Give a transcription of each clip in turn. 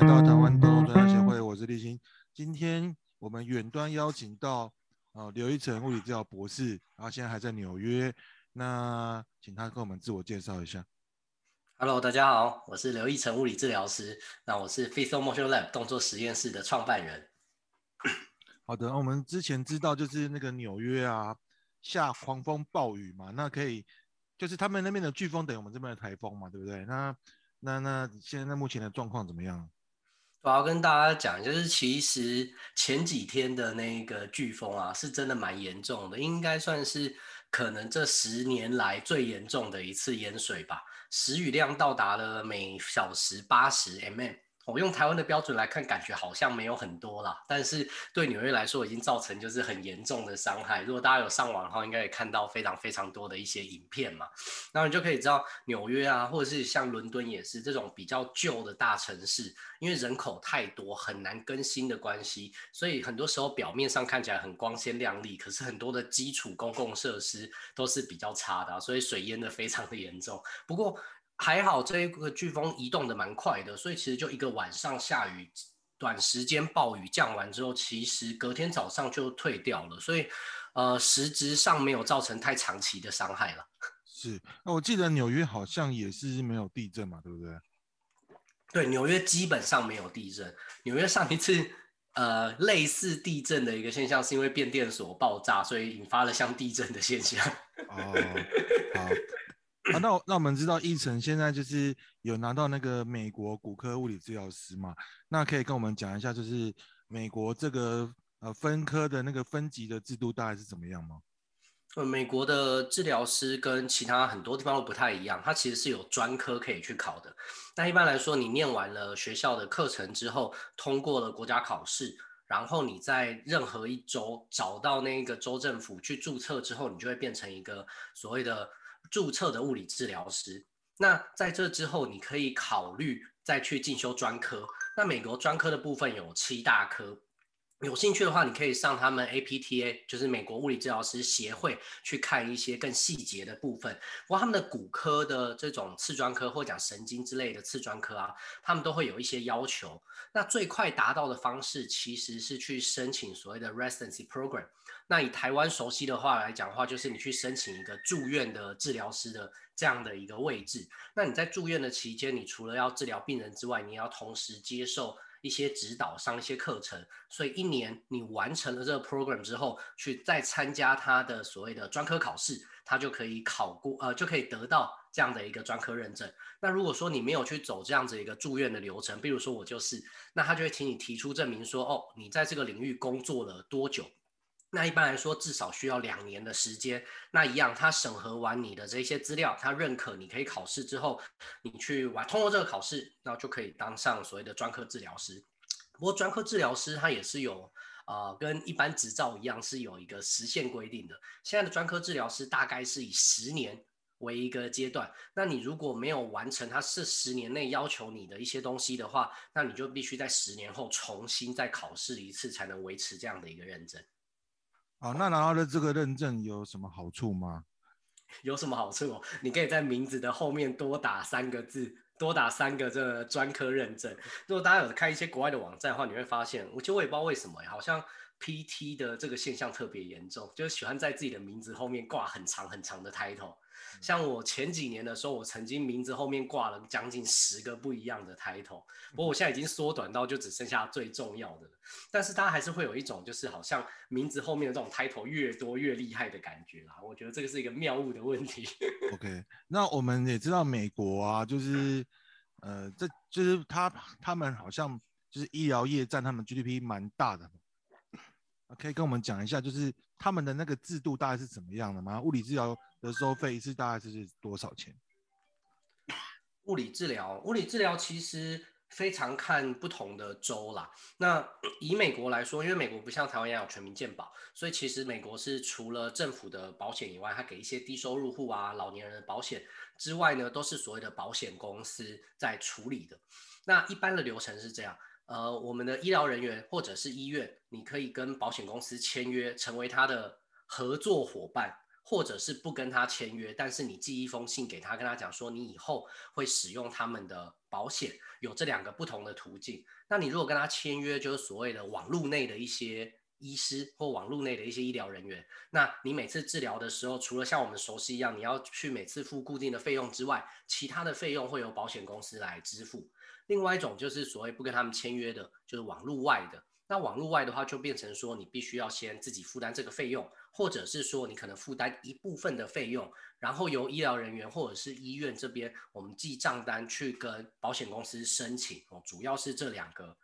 來到台灣動物治療協會，我是立新。今天我們遠端邀請到哦、呃、劉奕辰物理治療博士，然後現在還在紐約，那請他跟我們自我介紹一下。Hello，大家好，我是劉奕辰物理治療師。那我是 Physical Motion Lab 動作實驗室的創辦人。 好的，我們之前知道就是那個紐約啊下狂風暴雨嘛，那可以就是他們那邊的颶風等於我們這邊的颱風嘛，對不對？那那那現在目前的狀況怎麼樣？我要跟大家講，就是其實前幾天的那個颶風啊，是真的蠻嚴重的，應該算是可能這十年來最嚴重的一次淹水吧。時雨量到達了每小時八十 mm。我、哦、用台灣的標準來看，感覺好像沒有很多啦，但是對紐約來說，已經造成就是很嚴重的傷害。如果大家有上網的話，應該也看到非常非常多的一些影片嘛，那你就可以知道紐約啊，或者是像倫敦也是這種比較舊的大城市，因為人口太多，很難更新的關係，所以很多時候表面上看起來很光鮮亮麗，可是很多的基礎公共設施都是比較差的，啊，所以水淹得非常的嚴重。不過，還好，這一個颶風移動的蠻快的，所以其實就一個晚上下雨，短時間暴雨降完之後，其實隔天早上就退掉了，所以呃，實質上沒有造成太長期的傷害了。是，那我記得紐約好像也是沒有地震嘛，對不對？對，紐約基本上沒有地震。紐約上一次呃類似地震的一個現象，是因為變電所爆炸，所以引發了像地震的現象。哦。好 啊、那我那我們知道，奕辰現在就是有拿到那個美國骨科物理治療師嘛？那可以跟我們講一下，就是美國這個呃分科的那個分級的制度大概是怎麼樣嗎？呃、嗯，美國的治療師跟其他很多地方都不太一樣，它其實是有專科可以去考的。那一般來說，你念完了學校的課程之後，通過了國家考試，然後你在任何一州找到那個州政府去註冊之後，你就會變成一個所謂的。註冊的物理治療師，那在這之後，你可以考慮再去進修專科。那美國專科的部分有七大科。有興趣的話，你可以上他們 APTA，就是美國物理治療師協會，去看一些更細節的部分。不過他們的骨科的這種次專科，或者講神經之類的次專科啊，他們都會有一些要求。那最快達到的方式，其實是去申請所謂的 residency program。那以台灣熟悉的話來講的話，就是你去申請一個住院的治療師的這樣的一個位置。那你在住院的期間，你除了要治療病人之外，你也要同時接受。一些指導，上一些課程，所以一年你完成了這個 program 之後，去再參加他的所謂的專科考試，他就可以考過，呃，就可以得到這樣的一個專科認證。那如果說你沒有去走這樣子一個住院的流程，比如說我就是，那他就會請你提出證明說，哦，你在這個領域工作了多久？那一般來說，至少需要兩年的時間。那一樣，他審核完你的這些資料，他認可你可以考試之後，你去完通過這個考試，那就可以當上所謂的專科治療師。不過，專科治療師他也是有，呃，跟一般執照一樣，是有一個時限規定的。現在的專科治療師大概是以十年為一個階段。那你如果沒有完成，他是十年內要求你的一些東西的話，那你就必須在十年後重新再考試一次，才能維持這樣的一個認證。啊、哦，那然後的這個認證有什麼好處嗎？有什麼好處哦？你可以在名字的後面多打三個字，多打三個這個專科認證。如果大家有看一些國外的網站的話，你會發現，我其實我也不知道為什麼，好像 PT 的這個現象特別嚴重，就是喜歡在自己的名字後面掛很長很長的 title。像我前幾年的時候，我曾經名字後面掛了將近十個不一樣的 title。不過我現在已經縮短到就只剩下最重要的了。但是它還是會有一種就是好像名字後面的這種 title 越多越厲害的感覺啦。我覺得這個是一個謬誤的問題。OK，那我們也知道美國啊，就是呃，這就是他他們好像就是醫療業占他們 GDP 蠻大的。OK，跟我們講一下，就是他們的那個制度大概是怎麼樣的嗎？物理治療。的收費是大概是多少錢？物理治療，物理治療其實非常看不同的州啦。那以美國來說，因為美國不像台灣一樣有全民健保，所以其實美國是除了政府的保險以外，還給一些低收入戶啊、老年人的保險之外呢，都是所謂的保險公司在處理的。那一般的流程是這樣，呃，我們的醫療人員或者是醫院，你可以跟保險公司簽約，成為他的合作夥伴。或者是不跟他簽約，但是你寄一封信給他，跟他講說你以後會使用他們的保險，有這兩個不同的途徑。那你如果跟他簽約，就是所謂的網路內的一些醫師或網路內的一些醫療人員，那你每次治療的時候，除了像我們熟悉一樣，你要去每次付固定的費用之外，其他的費用會由保險公司來支付。另外一種就是所謂不跟他們簽約的，就是網路外的。那網路外的話，就變成說你必須要先自己負擔這個費用，或者是說你可能負擔一部分的費用，然後由醫療人員或者是醫院這邊我們寄賬單去跟保險公司申請哦，主要是這兩個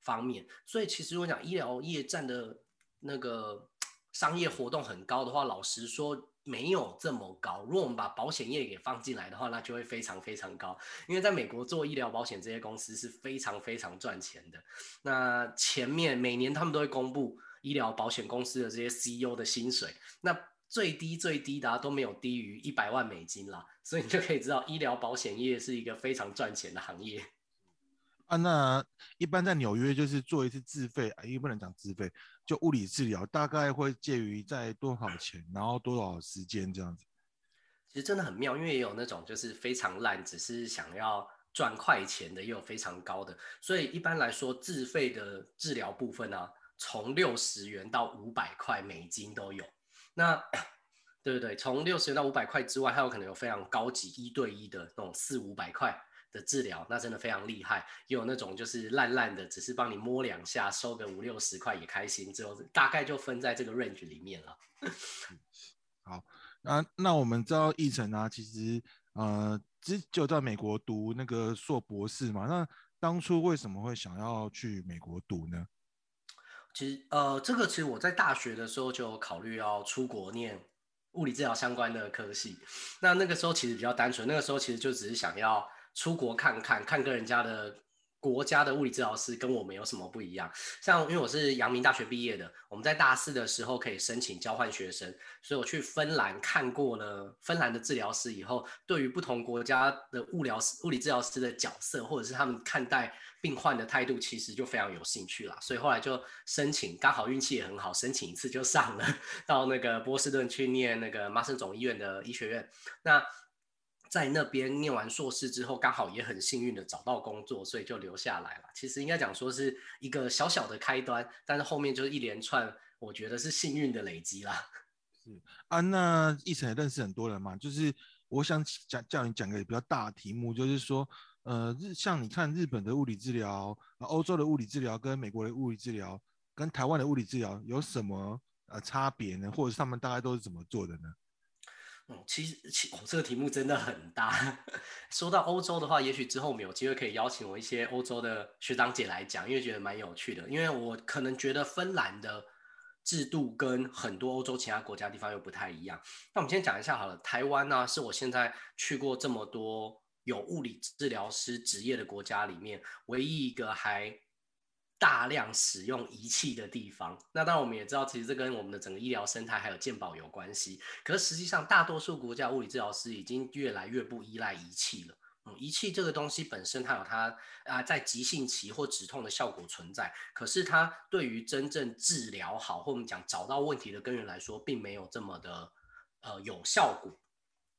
方面。所以其實我講醫療業佔的那個商業活動很高的話，老實說。沒有這麼高。如果我們把保險業給放進來的話，那就會非常非常高。因為在美國做醫療保險這些公司是非常非常賺錢的。那前面每年他們都會公布醫療保險公司的這些 CEO 的薪水，那最低最低的、啊、都沒有低於一百萬美金啦。所以你就可以知道，醫療保險業是一個非常賺錢的行業。啊，那一般在紐約就是做一次自費啊、哎，又不能講自費。就物理治療大概會介於在多少錢，然後多少時間這樣子。其實真的很妙，因為也有那種就是非常爛，只是想要賺快錢的，也有非常高的。所以一般來說，自費的治療部分啊，從六十元到五百塊美金都有。那對對對，從六十元到五百塊之外，還有可能有非常高級一對一的那種四五百塊。的治療那真的非常厲害，也有那種就是爛爛的，只是幫你摸兩下，收個五六十塊也開心，之後，大概就分在這個 range 裡面了。好，那那我們知道奕辰呢，其實呃，其實就在美國讀那個碩博士嘛。那當初為什麼會想要去美國讀呢？其實呃，這個其實我在大學的時候就考慮要出國念物理治療相關的科系。那那個時候其實比較單純，那個時候其實就只是想要。出國看看看跟人家的國家的物理治療師跟我們有什麼不一樣？像因為我是陽明大學畢業的，我們在大四的時候可以申請交換學生，所以我去芬蘭看過了芬蘭的治療師以後，對於不同國家的物療師、物理治療師的角色，或者是他們看待病患的態度，其實就非常有興趣啦。所以後來就申請，剛好運氣也很好，申請一次就上了，到那個波士頓去念那個麻省總醫院的醫學院。那在那邊念完碩士之後，剛好也很幸運的找到工作，所以就留下來了。其實應該講說是一個小小的開端，但是後面就是一連串我覺得是幸運的累積啦。是、嗯、啊，那奕辰也認識很多人嘛，就是我想講叫你講個比較大的題目，就是說，呃，日像你看日本的物理治療、歐洲的物理治療、跟美國的物理治療、跟台灣的物理治療有什麼呃差別呢？或者他們大概都是怎麼做的呢？嗯，其實其、哦、這個題目真的很大。說到歐洲的話，也許之後我們有機會可以邀請我一些歐洲的學長姐來講，因為覺得蠻有趣的。因為我可能覺得芬蘭的制度跟很多歐洲其他國家的地方又不太一樣。那我們先講一下好了，台灣呢、啊、是我現在去過這麼多有物理治療師職業的國家裡面唯一一個還大量使用儀器的地方，那當然我們也知道，其實這跟我們的整個醫療生態還有健保有關係。可是實際上，大多數國家物理治療師已經越來越不依賴儀器了。嗯，儀器這個東西本身它有它啊，在急性期或止痛的效果存在，可是它對於真正治療好或我們講找到問題的根源來說，並沒有這麼的呃有效果。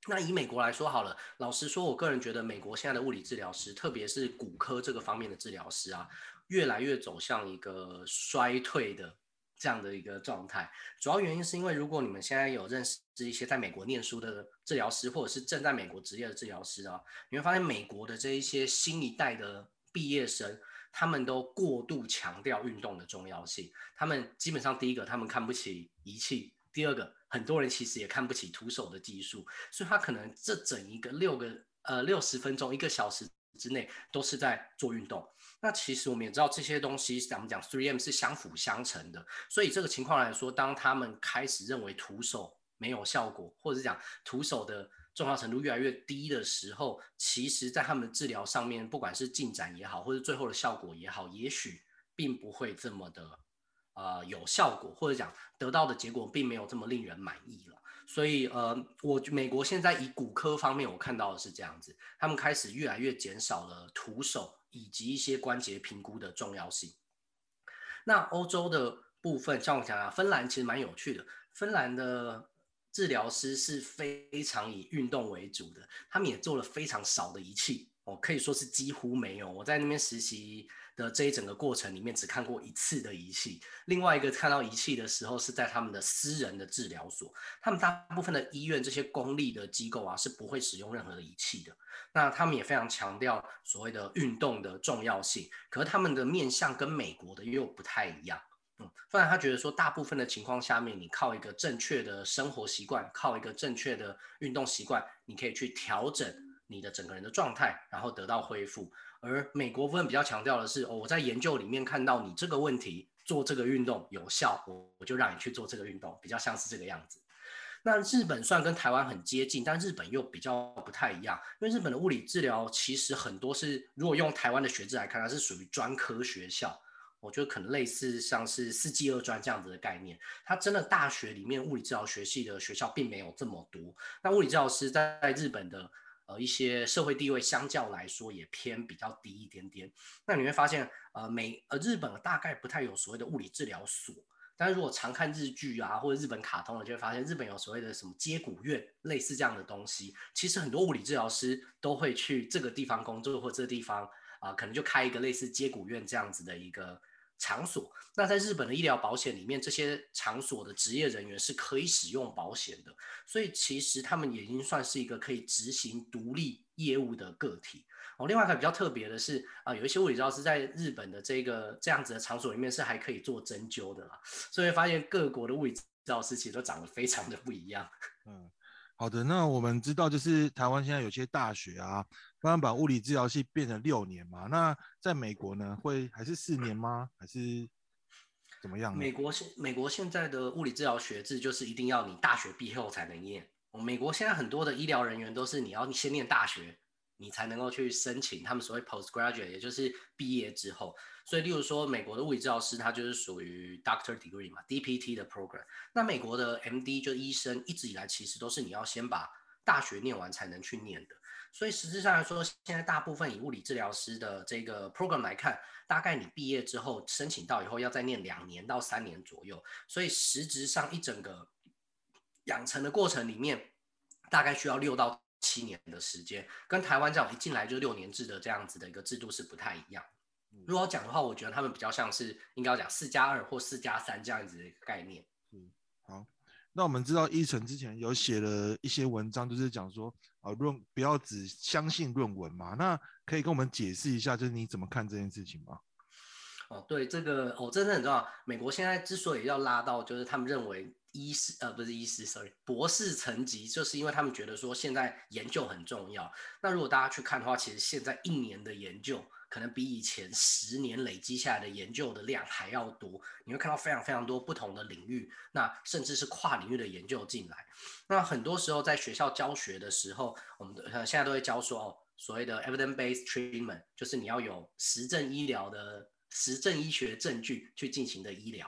那以美國來說好了，老實說，我個人覺得美國現在的物理治療師，特別是骨科這個方面的治療師啊。越來越走向一個衰退的這樣的一個狀態，主要原因是因為如果你們現在有認識一些在美國念書的治療師，或者是正在美國執業的治療師啊，你會發現美國的這一些新一代的畢業生，他們都過度強調運動的重要性。他們基本上第一個，他們看不起儀器；第二個，很多人其實也看不起徒手的技術，所以他可能這整一個六個呃六十分鐘一個小時之內都是在做運動。那其實我們也知道這些東西，咱們講 3M 是相輔相成的。所以，以這個情況來說，當他們開始認為徒手沒有效果，或者是講徒手的重要程度越來越低的時候，其實在他們治療上面，不管是進展也好，或者最後的效果也好，也許並不會這麼的，呃，有效果，或者講得到的結果並沒有這麼令人滿意了。所以呃，我美國現在以骨科方面，我看到的是這樣子，他們開始越來越減少了徒手。以及一些關節評估的重要性。那歐洲的部分，像我講啊，芬蘭其實蠻有趣的。芬蘭的治療師是非常以運動為主的，他們也做了非常少的儀器，哦，可以說是幾乎沒有。我在那邊實習。的這一整個過程裡面，只看過一次的儀器。另外一個看到儀器的時候，是在他們的私人的治療所。他們大部分的醫院，這些公立的機構啊，是不會使用任何的儀器的。那他們也非常強調所謂的運動的重要性，可是他們的面向跟美國的又不太一樣。嗯，雖然他覺得說，大部分的情況下面，你靠一個正確的生活習慣，靠一個正確的運動習慣，你可以去調整你的整個人的狀態，然後得到恢復。而美國部分比較強調的是，哦，我在研究裡面看到你這個問題做這個運動有效，我就讓你去做這個運動，比較像是這個樣子。那日本算跟台灣很接近，但日本又比較不太一樣，因為日本的物理治療其實很多是，如果用台灣的學制來看，它是屬於專科學校，我覺得可能類似像是四技二專這樣子的概念。它真的大學裡面物理治療學系的學校並沒有這麼多。那物理治療師在日本的。呃，一些社會地位相較來說也偏比較低一點點。那你會發現，呃，美呃日本大概不太有所謂的物理治療所。但是如果常看日劇啊，或者日本卡通的，就會發現日本有所謂的什麼接骨院，類似這樣的東西。其實很多物理治療師都會去這個地方工作，或者這個地方啊，呃，可能就開一個類似接骨院這樣子的一個場所，那在日本的醫療保險裡面，這些場所的職業人員是可以使用保險的，所以其實他們也已經算是一個可以執行獨立業務的個體。哦，另外一個比較特別的是，啊，有一些物理治療師在日本的這個這樣子的場所裡面是還可以做針灸的啦。所以發現各國的物理治療師其實都長得非常的不一樣。嗯，好的，那我們知道就是台灣現在有些大學啊。剛剛把物理治療系變成六年嘛，那在美國呢？會還是四年嗎？還是怎麼樣呢？美國現美國現在的物理治療學制就是一定要你大學畢業後才能念。美國現在很多的醫療人員都是你要先念大學，你才能夠去申請他們所謂 postgraduate，也就是畢業之後。所以，例如說美國的物理治療師，他就是屬於 doctor degree 嘛，DPT 的 program。那美國的 MD 就醫生，一直以來其實都是你要先把大學念完才能去念的。所以實質上來說，現在大部分以物理治療師的這個 program 來看，大概你畢業之後申請到以後要再念兩年到三年左右。所以實質上一整個養成的過程裡面，大概需要六到七年的時間，跟台灣這樣一進來就六年制的這樣子的一個制度是不太一樣。如果要講的話，我覺得他們比較像是應該要講四加二或四加三這樣子的概念。嗯，好。那我們知道，一晨之前有寫了一些文章，就是講說，啊論不要只相信論文嘛。那可以跟我們解釋一下，就是你怎麼看這件事情嗎？哦，對，這個哦，真的很重要。美國現在之所以要拉到，就是他們認為醫師，呃，不是醫師，y 博士層級，就是因為他們覺得說現在研究很重要。那如果大家去看的話，其實現在一年的研究。可能比以前十年累積下來的研究的量還要多，你會看到非常非常多不同的領域，那甚至是跨領域的研究進來。那很多時候在學校教學的時候，我們現在都會教說哦，所謂的 evidence-based treatment，就是你要有實證醫療的實證醫學證據去進行的醫療。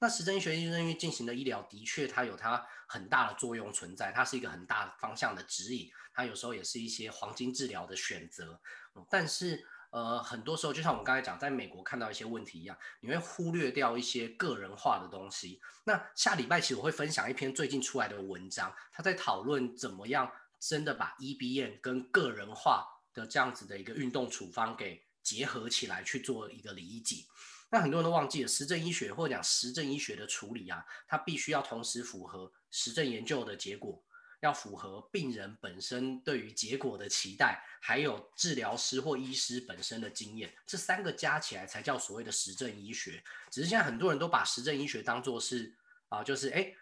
那實證醫學證據進行的醫療，的確它有它很大的作用存在，它是一個很大方向的指引，它有時候也是一些黃金治療的選擇，嗯，但是。呃，很多時候就像我們剛才講，在美國看到一些問題一樣，你會忽略掉一些個人化的東西。那下禮拜其實我會分享一篇最近出來的文章，他在討論怎麼樣真的把 EBN 跟個人化的這樣子的一個運動處方給結合起來去做一個理解。那很多人都忘記了，實證醫學或者講實證醫學的處理啊，它必須要同時符合實證研究的結果。要符合病人本身對於結果的期待，還有治療師或醫師本身的經驗，這三個加起來才叫所謂的實證醫學。只是現在很多人都把實證醫學當做是啊，就是哎，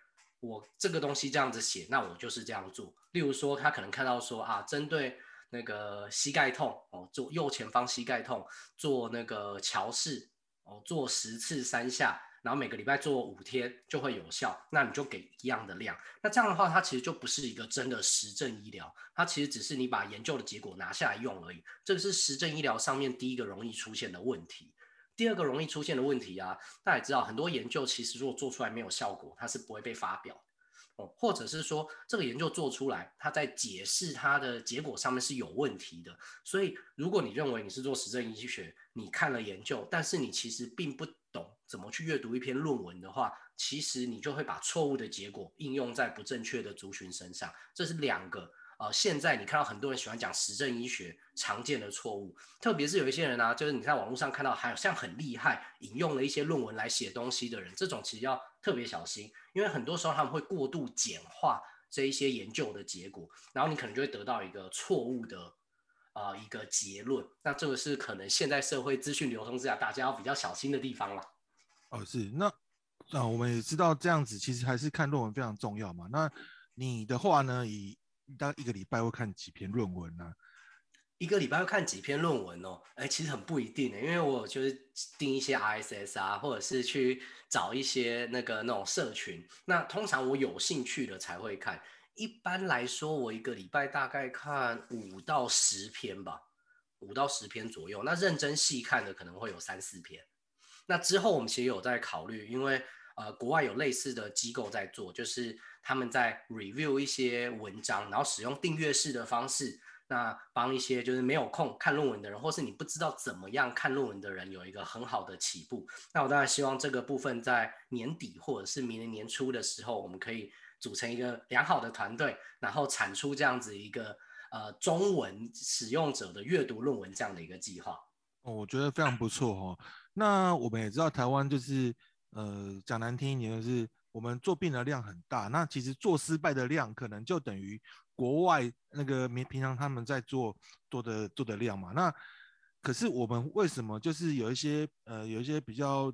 我這個東西這樣子寫，那我就是這樣做。例如說，他可能看到說啊，針對那個膝蓋痛哦，做右前方膝蓋痛，做那個橋式哦，做十次三下。然後每個禮拜做五天就會有效，那你就給一樣的量，那這樣的話它其實就不是一個真的實證醫療，它其實只是你把研究的結果拿下來用而已。這個是實證醫療上面第一個容易出現的問題，第二個容易出現的問題啊，大家也知道很多研究其實如果做出來沒有效果，它是不會被發表哦、嗯，或者是說這個研究做出來，它在解釋它的結果上面是有問題的。所以如果你認為你是做實證醫學，你看了研究，但是你其實並不。懂怎麼去閱讀一篇論文的話，其實你就會把錯誤的結果應用在不正確的族群身上。這是兩個啊、呃。現在你看到很多人喜歡講實證醫學常見的錯誤，特別是有一些人啊，就是你在網絡上看到好像很厲害，引用了一些論文來寫東西的人，這種其實要特別小心，因為很多時候他們會過度簡化這一些研究的結果，然後你可能就會得到一個錯誤的。啊、呃，一個結論，那這個是可能現在社會資訊流通之下，大家要比較小心的地方了。哦，是那那我們也知道這樣子，其實還是看論文非常重要嘛。那你的話呢，你大概一個禮拜會看幾篇論文呢、啊？一個禮拜會看幾篇論文哦？哎，其實很不一定的，因為我就是訂一些 RSS 啊，或者是去找一些那個那種社群，那通常我有興趣的才會看。一般來說，我一個禮拜大概看五到十篇吧，五到十篇左右。那認真細看的可能會有三四篇。那之後我們其實有在考慮，因為呃國外有類似的機構在做，就是他們在 review 一些文章，然後使用訂閱式的方式，那幫一些就是沒有空看論文的人，或是你不知道怎麼樣看論文的人有一個很好的起步。那我當然希望這個部分在年底或者是明年年初的時候，我們可以。組成一個良好的團隊，然後產出這樣子一個呃中文使用者的閱讀論文這樣的一個計劃。哦、我覺得非常不錯哈、哦。那我們也知道台灣就是呃講難聽一點就是，我們做病的量很大，那其實做失敗的量可能就等於國外那個平常他們在做做的做的量嘛。那可是我們為什麼就是有一些呃有一些比較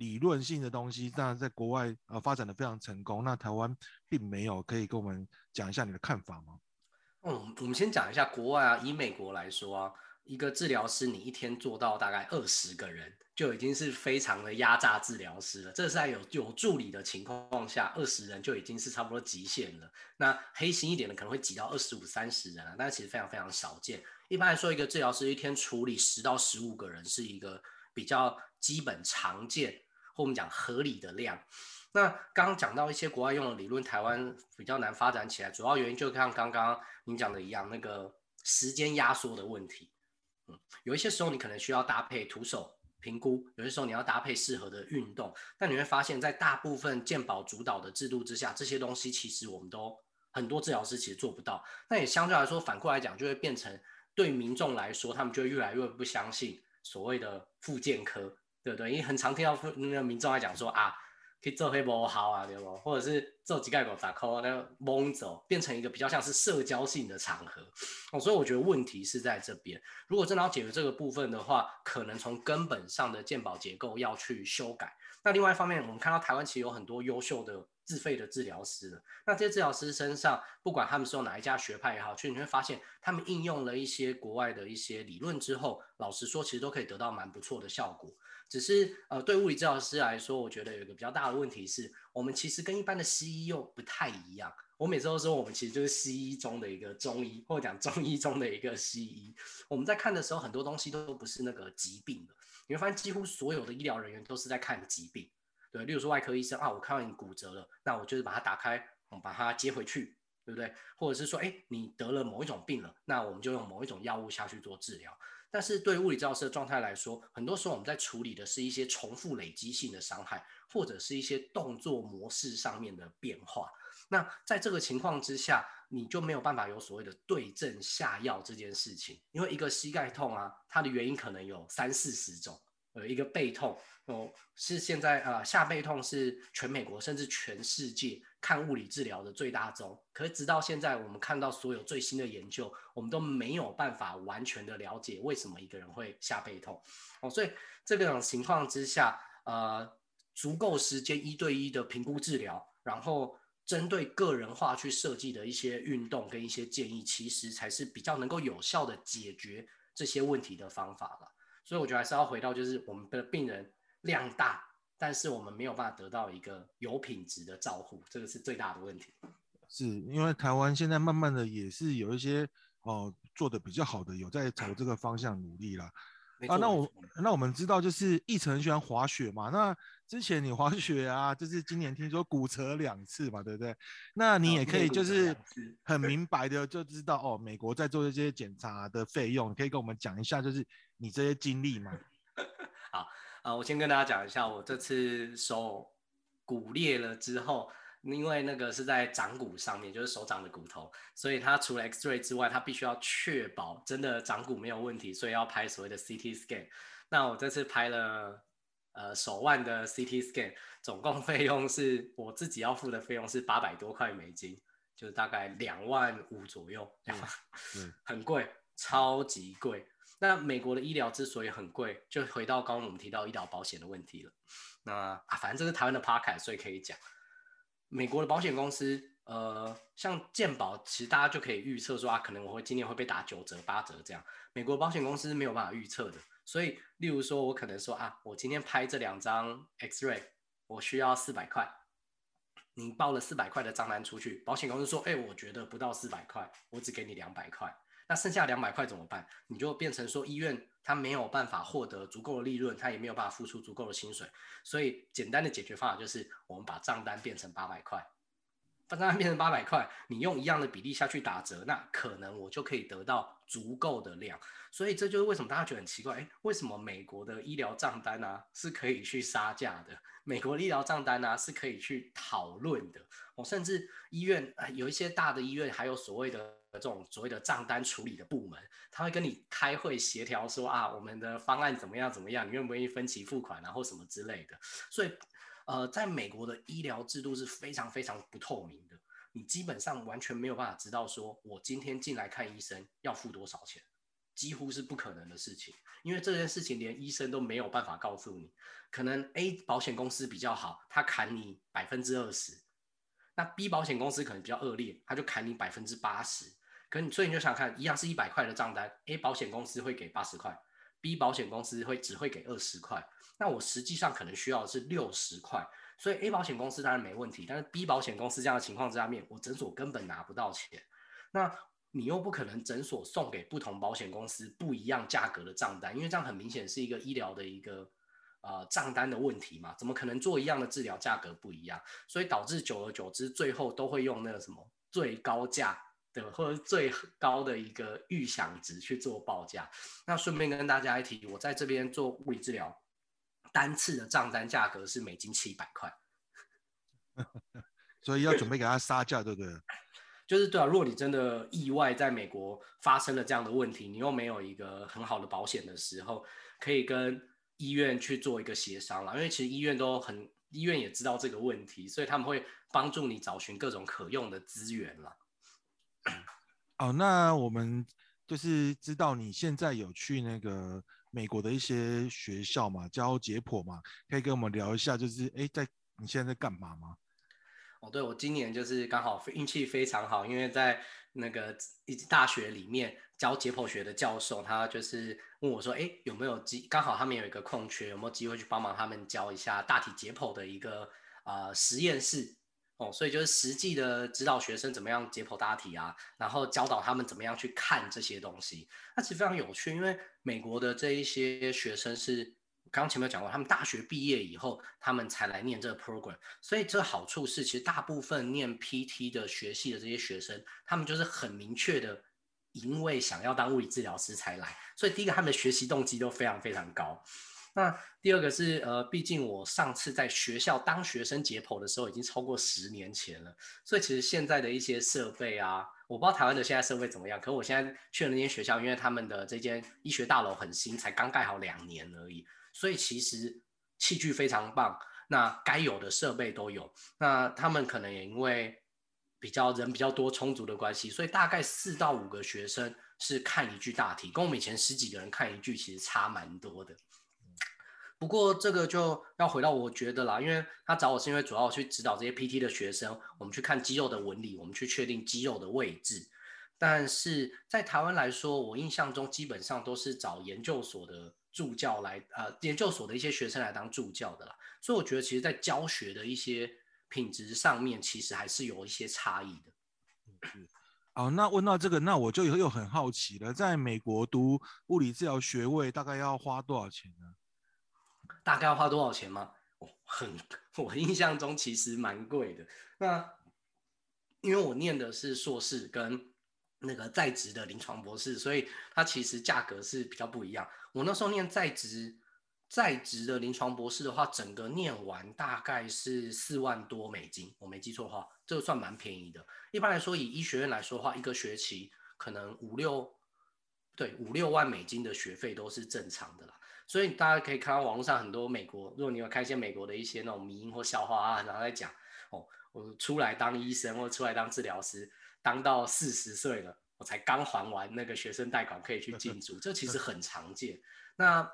理論性的東西，那在國外呃發展得非常成功。那台灣並沒有，可以跟我們講一下你的看法嗎？嗯，我們先講一下國外啊，以美國來說啊，一個治療師你一天做到大概二十個人，就已經是非常的壓榨治療師了。這是在有有助理的情況下，二十人就已經是差不多極限了。那黑心一點的可能會擠到二十五、三十人了啊，但其實非常非常少見。一般來說，一個治療師一天處理十到十五個人是一個比較基本常見。和我們講合理的量，那剛剛講到一些國外用的理論，台灣比較難發展起來，主要原因就像剛剛您講的一樣，那個時間壓縮的問題。嗯，有一些時候你可能需要搭配徒手評估，有些時候你要搭配適合的運動，但你會發現在大部分健保主導的制度之下，這些東西其實我們都很多治療師其實做不到。那也相對來說，反過來講，就會變成對民眾來說，他們就越來越不相信所謂的復健科。對不對？因為很常聽到那個民眾來講說啊，可以做些無好啊，對不？或者是做幾蓋個法摳，那蒙走變成一個比較像是社交性的場合。哦，所以我覺得問題是在這邊。如果真的要解決這個部分的話，可能從根本上的健保結構要去修改。那另外一方面，我們看到台灣其實有很多優秀的自費的治療師。那這些治療師身上，不管他們是用哪一家學派也好，其實你會發現他們應用了一些國外的一些理論之後，老實說，其實都可以得到蠻不錯的效果。只是呃，對物理治療師來說，我覺得有一個比較大的問題是我們其實跟一般的西醫又不太一樣。我每次都說，我們其實就是西醫中的一個中醫，或者講中醫中的一個西醫。我們在看的時候，很多東西都不是那個疾病的。你會發現，幾乎所有的醫療人員都是在看疾病。對，例如說外科醫生啊，我看到你骨折了，那我就是把它打開，我把它接回去，對不對？或者是說，哎，你得了某一種病了，那我們就用某一種藥物下去做治療。但是對物理治療師的狀態來說，很多時候我們在處理的是一些重複累積性的傷害，或者是一些動作模式上面的變化。那在這個情況之下，你就沒有辦法有所謂的對症下藥這件事情，因為一個膝蓋痛啊，它的原因可能有三四十種。呃，一個背痛哦，是現在啊、呃，下背痛是全美國甚至全世界看物理治療的最大宗。可是直到現在，我們看到所有最新的研究，我們都沒有辦法完全的了解為什麼一個人會下背痛哦。所以這種情況之下，呃，足夠時間一對一的評估治療，然後針對個人化去設計的一些運動跟一些建議，其實才是比較能夠有效的解決這些問題的方法了。所以我覺得還是要回到，就是我們的病人量大，但是我們沒有辦法得到一個有品質的照護，這個是最大的問題。是因為台灣現在慢慢的也是有一些哦，做的比較好的，有在朝這個方向努力啦。啊，那我那我們知道就是奕辰喜歡滑雪嘛，那之前你滑雪啊，就是今年聽說骨折兩次嘛，對不對？那你也可以就是很明白的就知道對哦，美國在做這些檢查的費用，可以跟我們講一下，就是你這些經歷嗎？ 好，啊、呃，我先跟大家講一下，我這次手骨裂了之後，因為那個是在掌骨上面，就是手掌的骨頭，所以它除了 X-ray 之外，它必須要確保真的掌骨沒有問題，所以要拍所謂的 CT scan。那我這次拍了呃手腕的 CT scan，總共費用是我自己要付的費用是八百多塊美金，就是大概兩萬五左右，嗯， 很貴，超級貴。嗯、那美國的醫療之所以很貴，就回到剛剛我們提到醫療保險的問題了。那、啊、反正這是台灣的 podcast，所以可以講。美國的保險公司，呃，像健保，其實大家就可以預測說啊，可能我會今年會被打九折、八折這樣。美國保險公司沒有辦法預測的，所以，例如說我可能說啊，我今天拍這兩張 X-ray，我需要四百塊，你報了四百塊的賬單出去，保險公司說，哎，我覺得不到四百塊，我只給你兩百塊，那剩下兩百塊怎麼辦？你就變成說醫院。他沒有辦法獲得足夠的利潤，他也沒有辦法付出足夠的薪水，所以簡單的解決方法就是，我們把賬單變成八百塊，把賬單變成八百塊，你用一樣的比例下去打折，那可能我就可以得到足夠的量。所以這就是為什麼大家覺得很奇怪，哎，為什麼美國的醫療賬單啊是可以去殺價的？美國的醫療賬單啊是可以去討論的。我、哦、甚至醫院、哎、有一些大的醫院，還有所謂的。這種所謂的賬單處理的部門，他會跟你開會協調說啊，我們的方案怎麼樣怎麼樣，你願不願意分期付款，然後什麼之類的。所以，呃，在美國的醫療制度是非常非常不透明的，你基本上完全沒有辦法知道說我今天進來看醫生要付多少錢，幾乎是不可能的事情，因為這件事情連醫生都沒有辦法告訴你。可能 A 保險公司比較好，他砍你百分之二十，那 B 保險公司可能比較惡劣，他就砍你百分之八十。可你，所以你就想看，一樣是一百塊的賬單，A 保險公司會給八十塊，B 保險公司會只會給二十塊，那我實際上可能需要的是六十塊，所以 A 保險公司當然沒問題，但是 B 保險公司這樣的情況之下面，我診所根本拿不到錢，那你又不可能診所送給不同保險公司不一樣價格的賬單，因為這樣很明顯是一個醫療的一個呃賬單的問題嘛，怎麼可能做一樣的治療價格不一樣？所以導致久而久之，最後都會用那個什麼最高價。對，或者最高的一個預想值去做報價。那順便跟大家一提，我在這邊做物理治療，單次的賬單價格是美金七百塊。 所以要準備給他殺價，對不對？就是對啊，如果你真的意外在美國發生了這樣的問題，你又沒有一個很好的保險的時候，可以跟醫院去做一個協商了。因為其實醫院都很，醫院也知道這個問題，所以他們會幫助你找尋各種可用的資源了。哦，oh, 那我們就是知道你現在有去那個美國的一些學校嘛，教解剖嘛，可以跟我們聊一下，就是哎，在，你現在在幹嘛嗎？哦，oh，對我今年就是剛好運氣非常好，因為在那個一大學裡面教解剖學的教授，他就是問我說，哎，有沒有機，剛好他們有一個空缺，有沒有機會去幫忙他們教一下大體解剖的一個啊，呃，實驗室。哦，所以就是實際的指導學生怎麼樣解剖大體啊，然後教導他們怎麼樣去看這些東西，那其實非常有趣，因為美國的這一些學生是剛剛前面講過，他們大學畢業以後，他們才來念這個 program，所以這個好處是，其實大部分念 PT 的學系的這些學生，他們就是很明確的，因為想要當物理治療師才來，所以第一個他們的學習動機都非常非常高。那第二個是呃，畢竟我上次在學校當學生解剖的時候，已經超過十年前了，所以其實現在的一些設備啊，我不知道台灣的現在設備怎麼樣。可我現在去了那間學校，因為他們的這間醫學大樓很新，才剛蓋好兩年而已，所以其實器具非常棒，那該有的設備都有。那他們可能也因為比較人比較多充足的關係，所以大概四到五個學生是看一具大體，跟我們以前十幾個人看一具其實差蠻多的。不過這個就要回到我覺得啦，因為他找我是因為主要去指導這些 PT 的學生，我們去看肌肉的紋理，我們去確定肌肉的位置。但是在台灣來說，我印象中基本上都是找研究所的助教來，呃，研究所的一些學生來當助教的啦。所以我覺得其實在教學的一些品質上面，其實還是有一些差異的。嗯，是。哦，那問到這個，那我就又又很好奇了，在美國讀物理治療學位大概要花多少錢呢？大概要花多少錢嗎？Oh, 很，我印象中其實蠻貴的。那因為我念的是碩士跟那個在職的臨床博士，所以它其實價格是比較不一樣。我那時候念在職在職的臨床博士的話，整個念完大概是四萬多美金，我沒記錯的話，這個算蠻便宜的。一般來說，以醫學院來說的話，一個學期可能五六，對，五六萬美金的學費都是正常的啦。所以大家可以看到網絡上很多美國，如果你有看一些美國的一些那種迷因或笑話啊，然後在講哦，我出來當醫生或出來當治療師，當到四十歲了，我才剛還完那個學生貸款，可以去進駐，這其實很常見。 那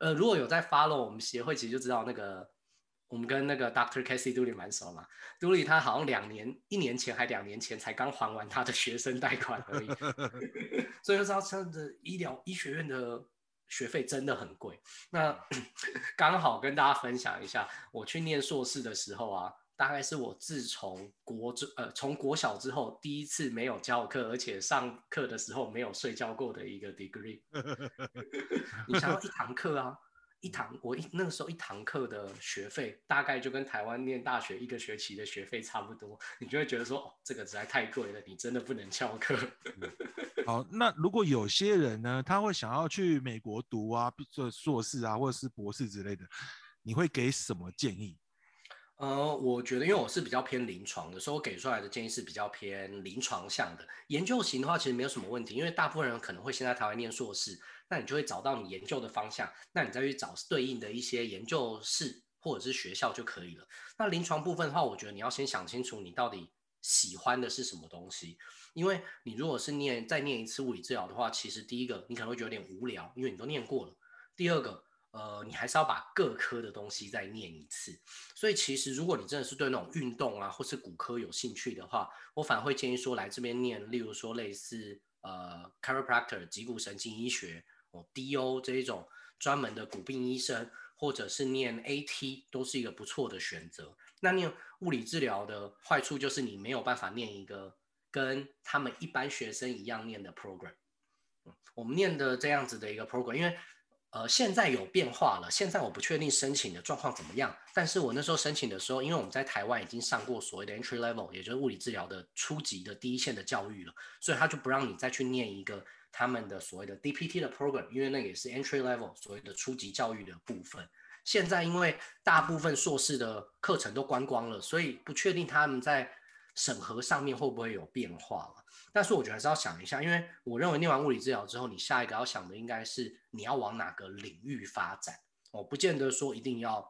呃，如果有在 follow 我們協會，其實就知道那個我們跟那個 Dr. c a s s i e Dooly 蠻熟嘛，Dooly 他好像兩年，一年前還兩年前才剛還完他的學生貸款而已， 所以就知道他要趁着醫療醫學院的。學費真的很貴。那剛好跟大家分享一下，我去念碩士的時候啊，大概是我自從國中呃從國小之後，第一次沒有翹課，而且上課的時候沒有睡覺過的一個 degree。 你想要一堂課啊？一堂，我一，那個時候一堂課的學費大概就跟台灣念大學一個學期的學費差不多，你就會覺得說哦，這個實在太貴了，你真的不能翹課。 好，那如果有些人呢，他會想要去美國讀啊，做碩士啊，或者是博士之類的，你會給什麼建議？呃，我覺得因為我是比較偏臨床的，所以我給出來的建議是比較偏臨床向的。研究型的話，其實沒有什麼問題，因為大部分人可能會先在台灣念碩士，那你就會找到你研究的方向，那你再去找對應的一些研究室或者是學校就可以了。那臨床部分的話，我覺得你要先想清楚你到底喜歡的是什麼東西，因為你如果是念，再念一次物理治療的話，其實第一個你可能會覺得有點無聊，因為你都念過了。第二個，呃，你還是要把各科的東西再念一次。所以其實，如果你真的是對那種運動啊，或是骨科有興趣的話，我反而會建議說來這邊念。例如說，類似呃 chiropractor 脊骨神經醫學，哦 DO 這一種專門的骨病醫生，或者是念 AT 都是一個不錯的選擇。那念物理治療的壞處就是你沒有辦法念一個跟他們一般學生一樣念的 program。嗯，我們念的這樣子的一個 program，因為。呃，現在有變化了。現在我不確定申請的狀況怎麼樣，但是我那時候申請的時候，因為我們在台灣已經上過所謂的 entry level，也就是物理治療的初級的第一線的教育了，所以他就不讓你再去念一個他們的所謂的 DPT 的 program，因為那也是 entry level，所謂的初級教育的部分。現在因為大部分碩士的課程都關光了，所以不確定他們在審核上面會不會有變化了。但是我覺得還是要想一下，因為我認為念完物理治療之後，你下一個要想的應該是你要往哪個領域發展。我不見得說一定要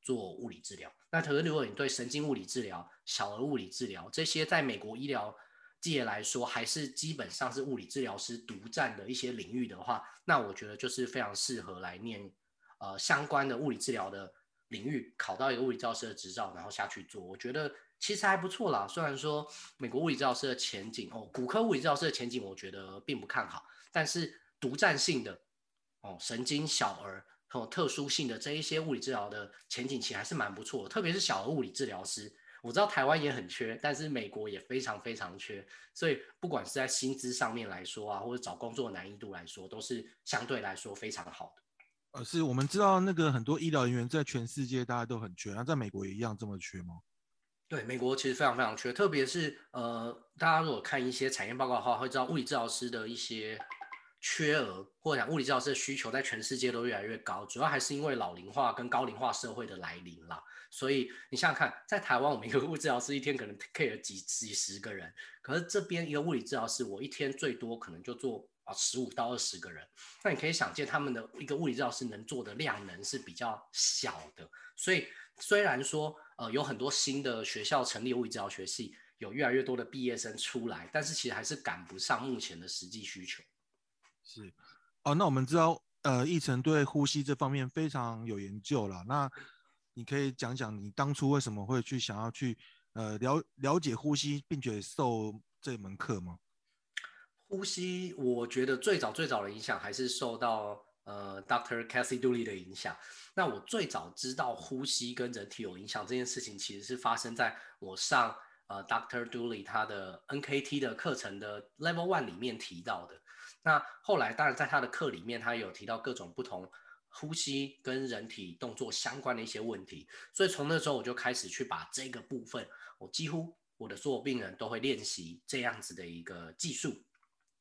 做物理治療。那可是如果你對神經物理治療、小兒物理治療這些，在美國醫療界來說，還是基本上是物理治療師獨佔的一些領域的話，那我覺得就是非常適合來念呃相關的物理治療的領域，考到一個物理治療師的執照，然後下去做，我覺得。其實還不錯啦，雖然說美國物理治療師的前景哦，骨科物理治療師的前景我覺得並不看好，但是獨占性的哦，神經小兒哦，特殊性的這一些物理治療的前景其實還是蠻不錯的，特別是小兒物理治療師，我知道台灣也很缺，但是美國也非常非常缺，所以不管是在薪資上面來說啊，或者找工作難易度來說，都是相對來說非常好的。呃，是我們知道那個很多醫療人員在全世界大家都很缺，那、啊、在美國也一樣這麼缺嗎？對，美國其實非常非常缺，特別是呃，大家如果看一些產業報告的話，會知道物理治療師的一些缺額，或者講物理治療師的需求在全世界都越來越高，主要還是因為老齡化跟高齡化社會的來臨啦。所以你想想看，在台灣，我們一個物理治療師一天可能 care 幾幾十個人，可是這邊一個物理治療師，我一天最多可能就做啊十五到二十個人。那你可以想見，他們的一個物理治療師能做的量能是比較小的。所以雖然說，呃，有很多新的學校成立，物理治療學系，有越來越多的畢業生出來，但是其實還是趕不上目前的實際需求。是，哦，那我們知道，呃，奕辰對呼吸這方面非常有研究啦。那你可以講講你當初為什麼會去想要去，呃，了了解呼吸，並且受這門課嗎？呼吸，我覺得最早最早的影響還是受到。呃，Dr. Cassie Dooley 的影響。那我最早知道呼吸跟人體有影響這件事情，其實是發生在我上呃 Dr. Dooley 他的 NKT 的課程的 Level One 裡面提到的。那後來，當然在他的課裡面，他也有提到各種不同呼吸跟人體動作相關的一些問題。所以從那時候我就開始去把這個部分，我幾乎我的所有病人都會練習這樣子的一個技術。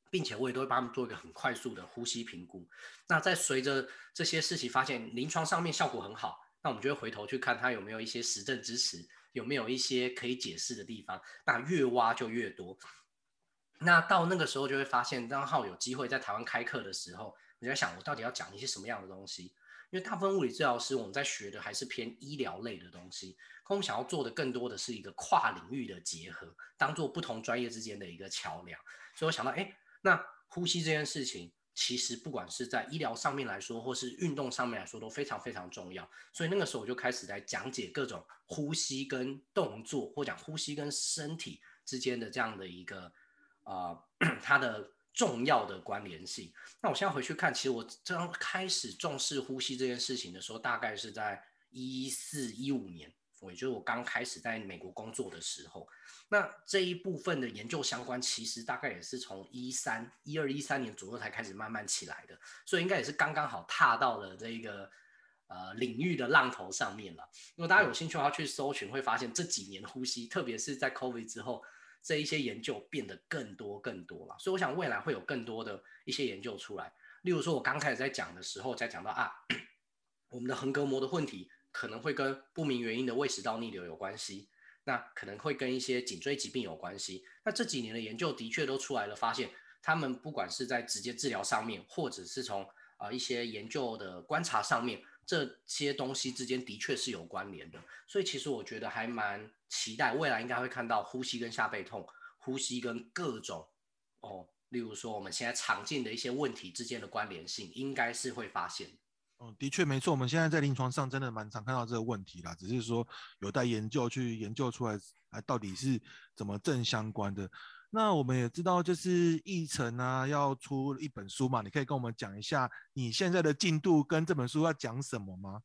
並且我也都會幫他們做一個很快速的呼吸評估。那在隨着這些事情發現臨床上面效果很好，那我們就會回頭去看它有沒有一些實證支持，有沒有一些可以解釋的地方。那越挖就越多。那到那個時候就會發現，剛好有機會在台灣開課的時候，我在想我到底要講一些什麼樣的東西？因為大部分物理治療師我們在學的還是偏醫療類的東西，可我們想要做的更多的是一個跨領域的結合，當做不同專業之間的一個橋樑。所以我想到，哎。那呼吸這件事情，其實不管是在醫療上面來說，或是運動上面來說，都非常非常重要。所以那個時候我就開始在講解各種呼吸跟動作，或講呼吸跟身體之間的這樣的一個，啊，它的重要的關聯性。那我現在回去看，其實我剛開始重視呼吸這件事情的時候，大概是在一四一五年。我覺得我剛開始在美國工作的時候，那這一部分的研究相關，其實大概也是從一三一二一三年左右才開始慢慢起來的，所以應該也是剛剛好踏到了這一個呃領域的浪頭上面了。如果大家有興趣的話，去搜尋會發現這幾年呼吸，特別是在 COVID 之後，這一些研究變得更多更多了。所以我想未來會有更多的一些研究出來。例如說，我剛開始在講的時候，在講到啊，我們的橫膈膜的問題。可能會跟不明原因的胃食道逆流有關係，那可能會跟一些頸椎疾病有關係。那這幾年的研究的確都出來了，發現他們不管是在直接治療上面，或者是從啊、呃、一些研究的觀察上面，這些東西之間的確是有關聯的。所以其實我覺得還蠻期待未來應該會看到呼吸跟下背痛，呼吸跟各種哦，例如說我們現在常見的一些問題之間的關聯性，應該是會發現。嗯，的確沒錯，我們現在在臨床上真的蠻常看到這個問題啦，只是說有待研究去研究出來，啊，到底是怎麼正相關的。那我們也知道，就是奕辰啊要出一本書嘛，你可以跟我們講一下你現在的進度跟這本書要講什麼嗎？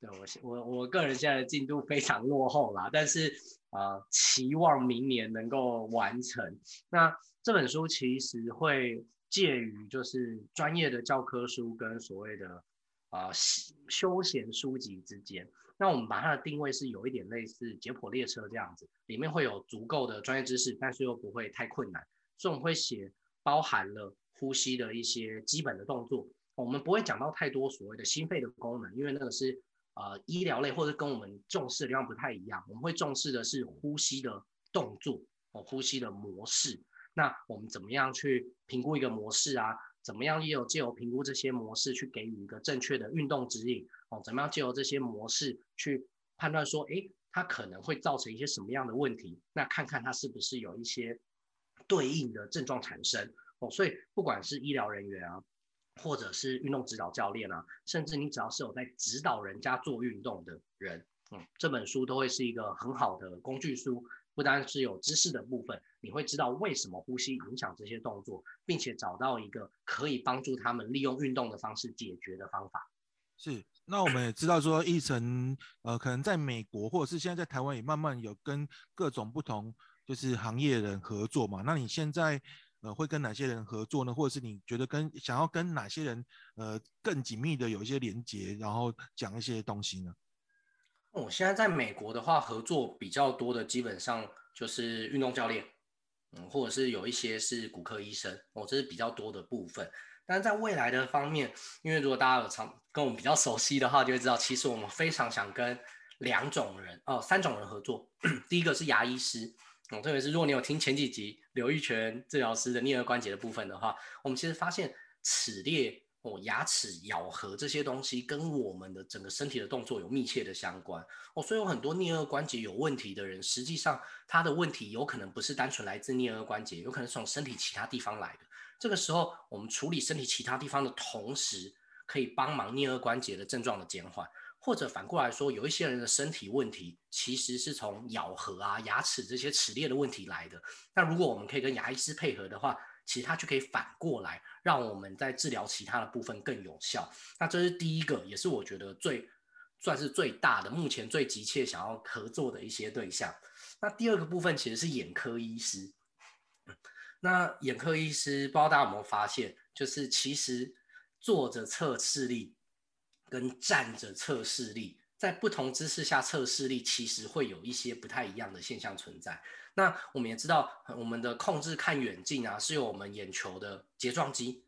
對我，我我個人現在的進度非常落後啦，但是啊、呃，期望明年能夠完成。那這本書其實會介於就是專業的教科書跟所謂的。啊、呃，休休閒書籍之間，那我們把它的定位是有一點類似解剖列車這樣子，裡面會有足夠的專業知識，但是又不會太困難。所以我們會寫包含了呼吸的一些基本的動作，我們不會講到太多所謂的心肺的功能，因為那個是呃醫療類，或者跟我們重視的地方不太一樣。我們會重視的是呼吸的動作，哦，呼吸的模式。那我們怎麼樣去評估一個模式啊？怎麼樣也有借由評估這些模式去給予一個正確的運動指引哦？怎麼樣借由這些模式去判斷說，誒，它可能會造成一些什麼樣的問題？那看看它是不是有一些對應的症狀產生哦。所以不管是醫療人員啊，或者是運動指導教練啊，甚至你只要是有在指導人家做運動的人，嗯，這本書都會是一個很好的工具書。不單是有知識的部分，你會知道為什麼呼吸影響這些動作，並且找到一個可以幫助他們利用運動的方式解決的方法。是，那我們也知道說，奕辰，呃，可能在美國或者是現在在台灣也慢慢有跟各種不同就是行業人合作嘛。那你現在呃會跟哪些人合作呢？或者是你覺得跟想要跟哪些人呃更緊密的有一些連接，然後講一些東西呢？我現在在美國的話，合作比較多的基本上就是運動教練，嗯，或者是有一些是骨科醫生，哦，這是比較多的部分。但是在未來的方面，因為如果大家有常跟我們比較熟悉的話，就會知道，其實我們非常想跟兩種人哦，三種人合作。 第一個是牙醫師，嗯，特別是如果你有聽前幾集劉玉泉治療師的顳頜關節的部分的話，我們其實發現齒列。我、哦、牙齒咬合這些東西跟我們的整個身體的動作有密切的相關哦，所以有很多顳頜關節有問題的人，實際上他的問題有可能不是單純來自顳頜關節，有可能是從身體其他地方來的。這個時候，我們處理身體其他地方的同時，可以幫忙顳頜關節的症狀的減緩，或者反過來說，有一些人的身體問題其實是從咬合啊、牙齒這些齒列的問題來的。那如果我們可以跟牙醫師配合的話，其實它，就可以反過來，讓我們在治療其他的部分更有效。那這是第一個，也是我覺得最算是最大的，目前最急切想要合作的一些對象。那第二個部分其實是眼科醫師。那眼科醫師，不知道大家有沒有發現，就是其實坐着測視力跟站着測視力，在不同姿勢下測視力，其實會有一些不太一樣的現象存在。那我們也知道，我們的控制看遠近啊，是由我們眼球的睫狀肌，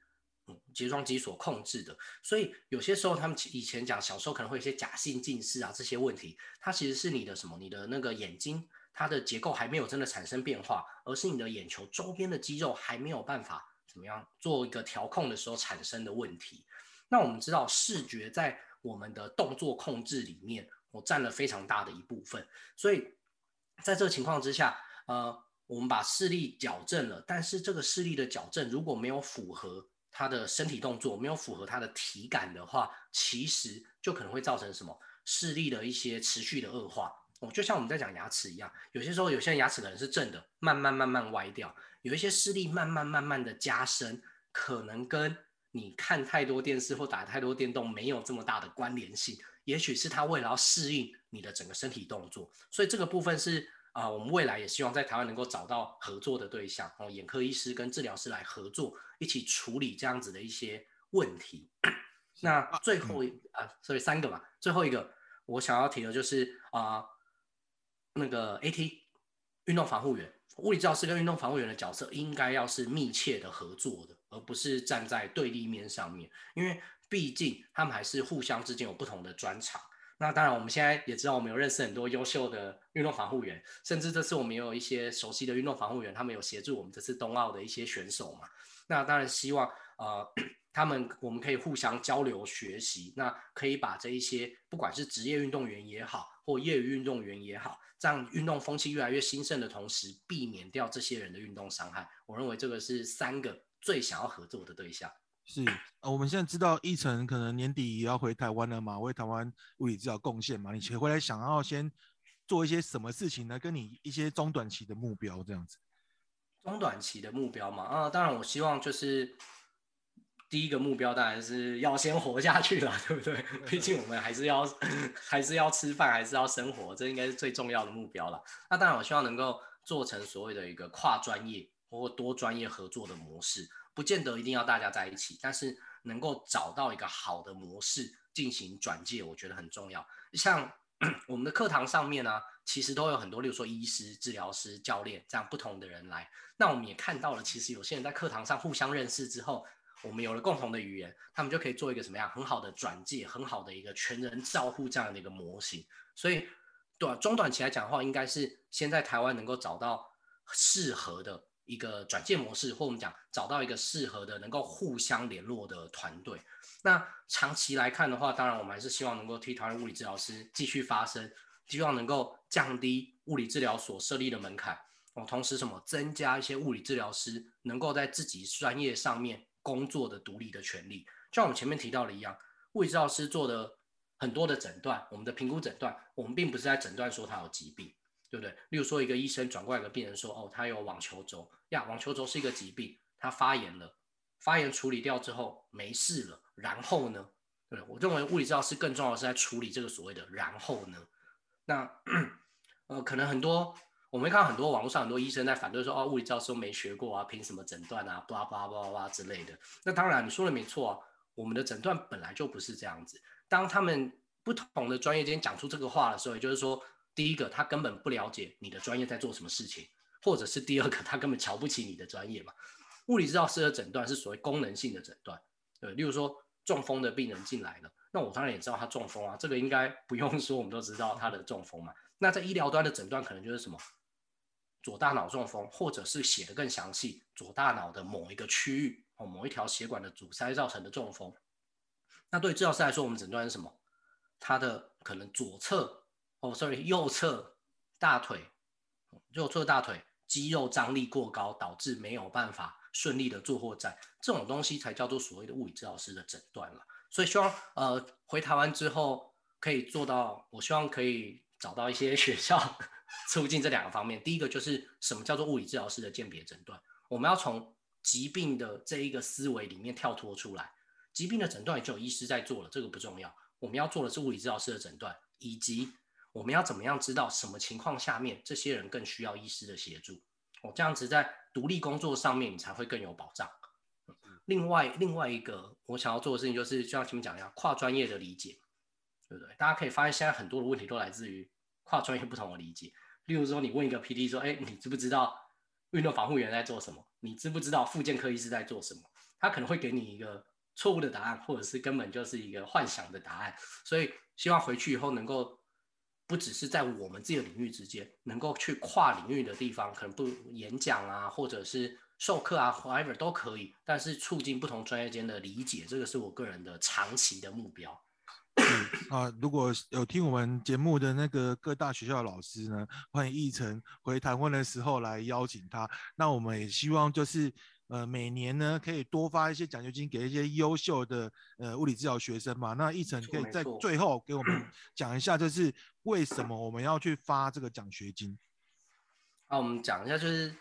嗯，睫狀肌所控制的。所以有些時候，他們以前講小時候可能會有一些假性近視啊這些問題，它其實是你的什麼，你的那個眼睛它的結構還沒有真的產生變化，而是你的眼球周邊的肌肉還沒有辦法怎麼樣做一個調控的時候產生的問題。那我們知道，視覺在我們的動作控制裡面，我占了非常大的一部分。所以在這個情況之下，呃，我們把視力矯正了，但是這個視力的矯正如果沒有符合他的身體動作，沒有符合他的體感的話，其實就可能會造成什麼視力的一些持續的惡化。我、哦、就像我們在講牙齒一樣，有些時候有些人牙齒可能是正的，慢慢慢慢歪掉，有一些視力慢慢慢慢的加深，可能跟你看太多電視或打太多電動沒有這麼大的關聯性，也許是它為了要適應你的整個身體動作，所以這個部分是。啊，我們未來也希望在台灣能夠找到合作的對象，哦、啊，眼科醫師跟治療師來合作，一起處理這樣子的一些問題。啊、那最後、嗯、啊，所以三個吧，最後一個我想要提的，就是啊，那個 AT 運動防護員，物理治療師跟運動防護員的角色應該要是密切的合作的，而不是站在對立面上面，因為畢竟他們還是互相之間有不同的專長。那當然，我們現在也知道，我們有認識很多優秀的運動防護員，甚至這次我們也有一些熟悉的運動防護員，他們有協助我們這次冬奧的一些選手嘛。那當然，希望呃他們我們可以互相交流學習，那可以把這一些不管是職業運動員也好，或業餘運動員也好，讓運動風氣越來越興盛的同時，避免掉這些人的運動傷害。我認為這個是三個最想要合作的對象。是、哦，我們現在知道奕辰可能年底也要回台灣了嘛，為台灣物理治療貢獻嘛。你回來想要先做一些什麼事情呢？跟你一些中短期的目標這樣子。中短期的目標嘛，啊，當然我希望就是第一個目標當然是要先活下去了，對不對？ 畢竟我們還是要 還是要吃飯，還是要生活，這應該是最重要的目標了。那、啊、當然我希望能夠做成所謂的一個跨專業或多專業合作的模式。不見得一定要大家在一起，但是能夠找到一個好的模式進行轉介，我覺得很重要。像我們的課堂上面呢、啊，其實都有很多，比如說醫師、治療師、教練這樣不同的人來。那我們也看到了，其實有些人在課堂上互相認識之後，我們有了共同的語言，他們就可以做一個什麼樣很好的轉介，很好的一個全人照護這樣的一個模型。所以，短中短期來講的話，應該是先在台灣能夠找到適合的一個轉介模式，或者我們講找到一個適合的能夠互相聯絡的團隊。那長期來看的話，當然我們還是希望能夠替台灣物理治療師繼續發聲，希望能夠降低物理治療所設立的門檻，同時什麼增加一些物理治療師能夠在自己專業上面工作的獨立的權利。就像我們前面提到的一樣，物理治療師做的很多的診斷，我們的評估診斷，我們並不是在診斷說他有疾病。對不對？例如說，一個醫生轉過來跟病人說：“哦，他有網球肘呀，網球肘是一個疾病，他發炎了，發炎處理掉之後沒事了，然後呢？”對，我認為物理治療師更重要的是在處理這個所謂的“然後呢”那。那呃，可能很多我們看到很多網絡上很多醫生在反對說：“哦，物理治療師都沒學過啊，憑什麼診斷啊？”，“ blah blah b 吧吧吧吧吧”吧吧吧吧之類的。那當然，你說的沒錯啊，我們的診斷本來就不是這樣子。當他們不同的專業間講出這個話的時候，也就是說。第一個，他根本不了解你的專業在做什麼事情，或者是第二個，他根本瞧不起你的專業嘛。物理治療師的診斷是所謂功能性的診斷，對，例如說中風的病人進來了，那我當然也知道他中風啊，這個應該不用說，我們都知道他的中風嘛。那在醫療端的診斷可能就是什麼？左大腦中風，或者是寫得更詳細，左大腦的某一個區域哦，某一條血管的阻塞造成的中風。那對治療師來說，我們診斷是什麼？他的可能左側。哦、oh,，sorry，右側大腿，右側大腿肌肉張力過高，導致沒有辦法順利的坐或站，這種東西才叫做所謂的物理治療師的診斷了。所以希望呃回台灣之後可以做到，我希望可以找到一些學校 促進這兩個方面。第一個就是什麼叫做物理治療師的鑑別診斷？我們要從疾病的這一個思維裡面跳脫出來，疾病的診斷也就有醫師在做了，這個不重要。我們要做的是物理治療師的診斷以及。我們要怎麼樣知道什麼情況下面這些人更需要醫師的協助？我這樣子在獨立工作上面，你才會更有保障。另外，另外一個我想要做的事情就是，就像前面講一樣，跨專業的理解，對不對？大家可以發現現在很多的問題都來自於跨專業不同的理解。例如說，你問一個 PT 說：“哎，你知不知道運動防護員在做什麼？你知不知道復健科醫師在做什麼？”他可能會給你一個錯誤的答案，或者是根本就是一個幻想的答案。所以，希望回去以後能夠。不只是在我們這個領域之間能夠去跨領域的地方，可能不演講啊，或者是授課啊，whatever 都可以，但是促進不同專業間的理解，這個是我個人的長期的目標。嗯、啊，如果有聽我們節目的那個各大學校老師呢，歡迎奕辰回台灣的時候來邀請他。那我們也希望就是。呃，每年呢，可以多發一些獎學金給一些優秀的呃物理治療學生嘛？那奕辰可以在最後給我們講一下，就是為什麼我們要去發這個獎學金？那、啊、我們講一下，就是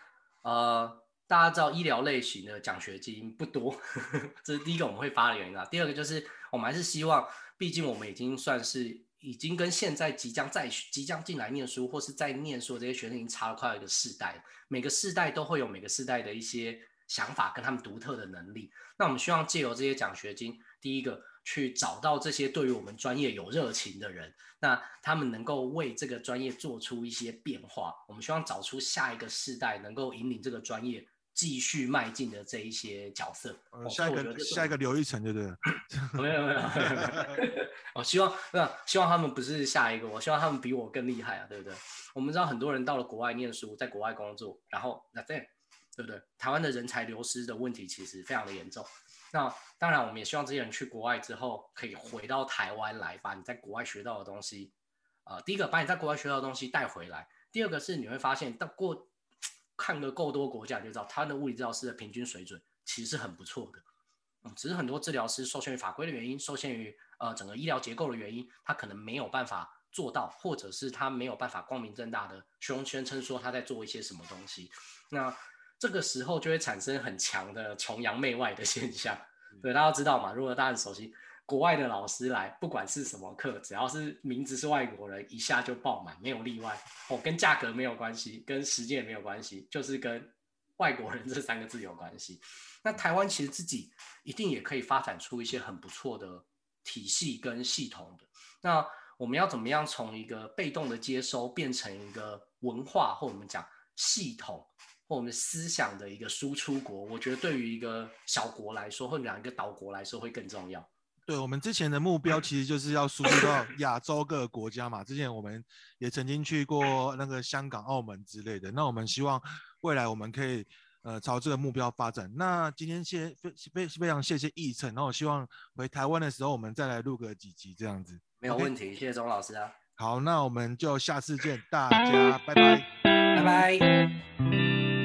呃，大家知道醫療類型的獎學金不多呵呵，這是第一個我們會發的原因啊。第二個就是我們還是希望，畢竟我們已經算是已經跟現在即將在即將進來念書或是在念書的這些學生已經差了快一個世代，每個世代都會有每個世代的一些。想法跟他們獨特的能力，那我們希望借由這些獎學金，第一個去找到這些對於我們專業有熱情的人，那他們能夠為這個專業做出一些變化。我們希望找出下一個世代能夠引領這個專業繼續邁進的這一些角色。嗯、哇下一個，下一個劉奕辰對不對？ 沒有沒有， 我希望那希望他們不是下一個，我希望他們比我更厲害啊，對不對？我們知道很多人到了國外念書，在國外工作，然後那這樣。對不對？台灣的人才流失的問題其實非常的嚴重。那當然，我們也希望這些人去國外之後，可以回到台灣來，把你在國外學到的東西，啊、呃，第一個把你在國外學到的東西帶回來。第二個是你會發現，到過看的夠多國家，就知道台灣的物理治療師的平均水準其實是很不錯的。嗯，只是很多治療師受限於法規的原因，受限於呃整個醫療結構的原因，他可能沒有辦法做到，或者是他沒有辦法光明正大的宣宣稱說他在做一些什麼東西。那這個時候就會產生很強的崇洋媚外的現象，所以大家知道嘛？如果大家很熟悉國外的老師來，不管是什麼課，只要是名字是外國人，一下就爆滿，沒有例外。哦，跟價格沒有關係，跟時間也沒有關係，就是跟外國人這三個字有關係。那台灣其實自己一定也可以發展出一些很不錯的體系跟系統的。那我們要怎麼樣從一個被動的接收變成一個文化，或我們講系統？或我們思想的一個輸出國，我覺得對於一個小國來說，或者一個島國來說會更重要。對，我們之前的目標其實就是要輸出到亞洲各個國家嘛。 之前我們也曾經去過那個香港、澳門之類的。那我們希望未來我們可以呃朝這個目標發展。那今天謝非非非常謝謝奕辰，那我希望回台灣的時候我們再來錄個幾集這樣子。沒有問題，Okay 謝謝鍾老師啊。好，那我們就下次見，大家拜拜，拜拜。拜拜。